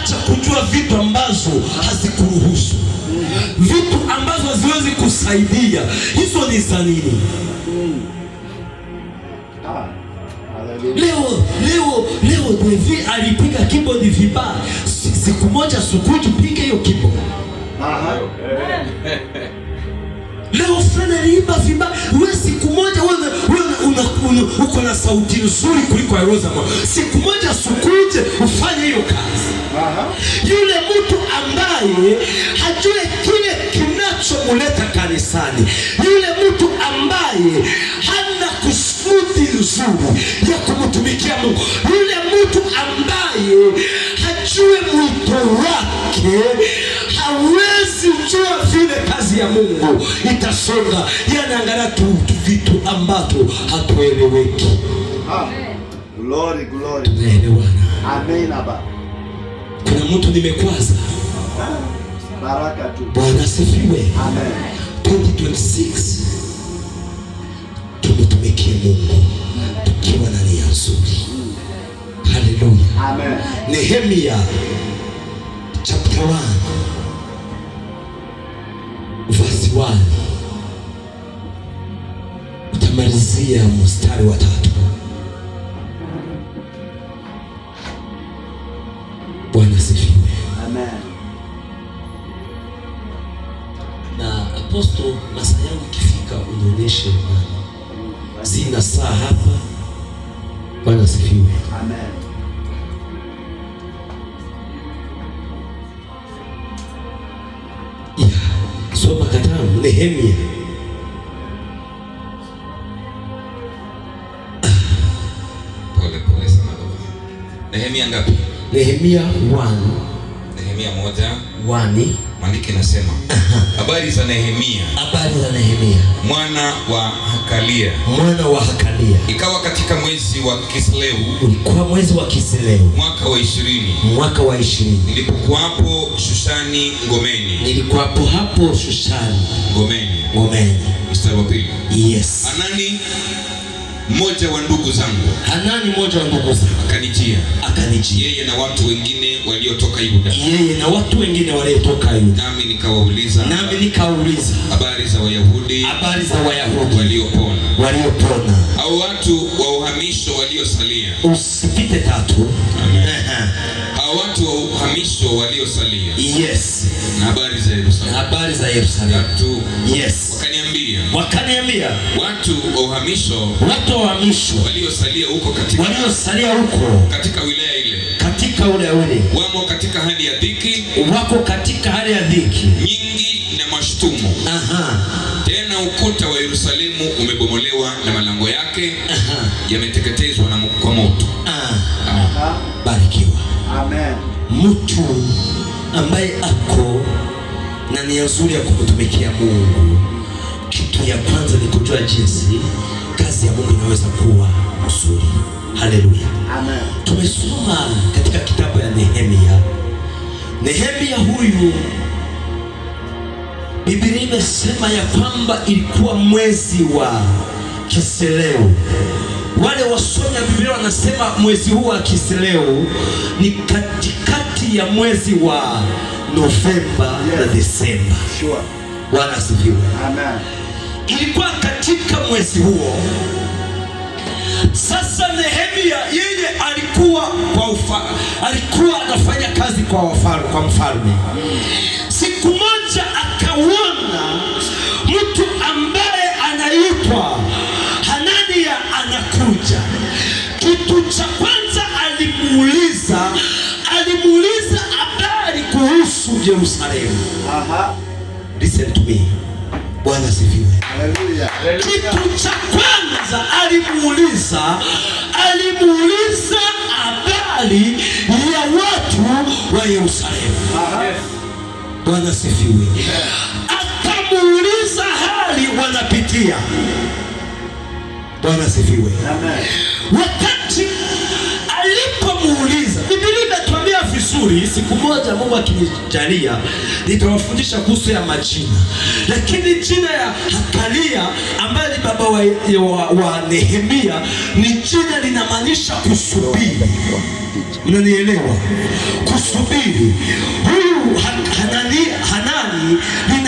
acha kujua vitu ambazo hazikuruhusu, vitu ambazo haziwezi kusaidia. Hizo ni za nini? Leo leo leo Devi alipiga kibodi vibaya. Siku moja sukuji pike hiyo kibodi. Leo sana aliimba vibaya uko na sauti nzuri kuliko ya Rosa. Siku moja sukuje ufanye hiyo kazi. Aha. Yule mtu ambaye hajue kile kinachomuleta kanisani, yule mtu ambaye hana kusudi nzuri ya kumtumikia Mungu, yule mtu ambaye hajue mwito wake Njia vile kazi ya Mungu itasonga, yanaangalia tu vitu ambavyo hatueleweki. Glory, glory. Tunaelewana. Amen, baba. Kuna mtu nimekwaza. Baraka tu. Bwana sifiwe. Amen. 2026 tumtumikie Mungu tukiwa na nia nzuri. Haleluya. Amen. Nehemia chapter 1 vasi utamalizia mstari wa tatu. Bwana sifiwe. Amen. Na aposto masaa yangu ikifika unionyeshe sina saa hapa. Bwana sifiwe. Amen. Ukisoma katamu Nehemia ah. pole pole sana Nehemia ngapi? Nehemia 1. Nehemia moja. Wani. Maandiko nasema habari za Nehemia, habari za Nehemia mwana wa Hakalia mwana wa Hakalia. Ikawa katika mwezi wa Kisleu, ulikuwa mwezi wa Kisleu mwaka wa 20. mwaka wa ishirini nilipokuwapo Shushani ngomeni, nilikuwapo hapo Shushani ngomeni ngomeni. Mstari wa pili. Yes. Anani mmoja wa ndugu zangu Hanani, mmoja wa ndugu zangu akanijia, akanijia yeye na watu wengine waliotoka Yuda, yeye na watu wengine waliotoka Yuda, nami nikawauliza, nami nikawauliza habari za Wayahudi, habari za Wayahudi waliopona, waliopona au watu wa uhamisho waliosalia. Usipite tatu. Amen. watu wa uhamisho waliosalia. Yes. Na habari za Yerusalemu. Habari za Yerusalemu. Yes. Wakaniambia Akaniambia watu wa uhamisho, watu wa uhamisho waliosalia huko katika, waliosalia huko katika wilaya ile, katika ule ule, wamo katika hali ya dhiki, wako katika hali ya dhiki nyingi na mashtumo. Aha. Tena ukuta wa Yerusalemu umebomolewa na malango yake yameteketezwa na kwa moto. Aha. Barikiwa. Amen. Mtu ambaye ako na nia nzuri ya kumtumikia Mungu kitu ya kwanza ni kujua jinsi kazi ya Mungu inaweza kuwa nzuri. Haleluya, amen. Tumesoma katika kitabu ya Nehemia. Nehemia huyu Biblia imesema ya kwamba ilikuwa mwezi wa Kiseleu. Wale wasomi wa Biblia wanasema mwezi huu wa Kiseleu ni katikati ya mwezi wa Novemba yes, na Desemba. Sure. Bwana asifiwe. Amen ilikuwa katika mwezi huo. Sasa Nehemia yeye alikuwa kwa ufa, alikuwa anafanya kazi kwa wafalme, kwa mfalme. Siku moja akaona mtu ambaye anaitwa Hanania anakuja. Kitu cha kwanza alimuuliza, alimuuliza habari kuhusu Yerusalemu. Aha. Listen to me. Bwana asifiwe. Kitu cha kwanza alimuuliza, alimuuliza habari ya watu wa Yerusalemu. Bwana asifiwe. Akamuuliza hali wanapitia. Bwana asifiwe. Wakati alipomuuliza vizuri, siku moja Mungu akinijalia, nitawafundisha kuhusu ya majina. Lakini jina ya Hakalia ambaye ni baba wa, wa, wa Nehemia ni jina linamaanisha kusubiri. Unanielewa? Kusubiri. Huyu Hanani, Hanani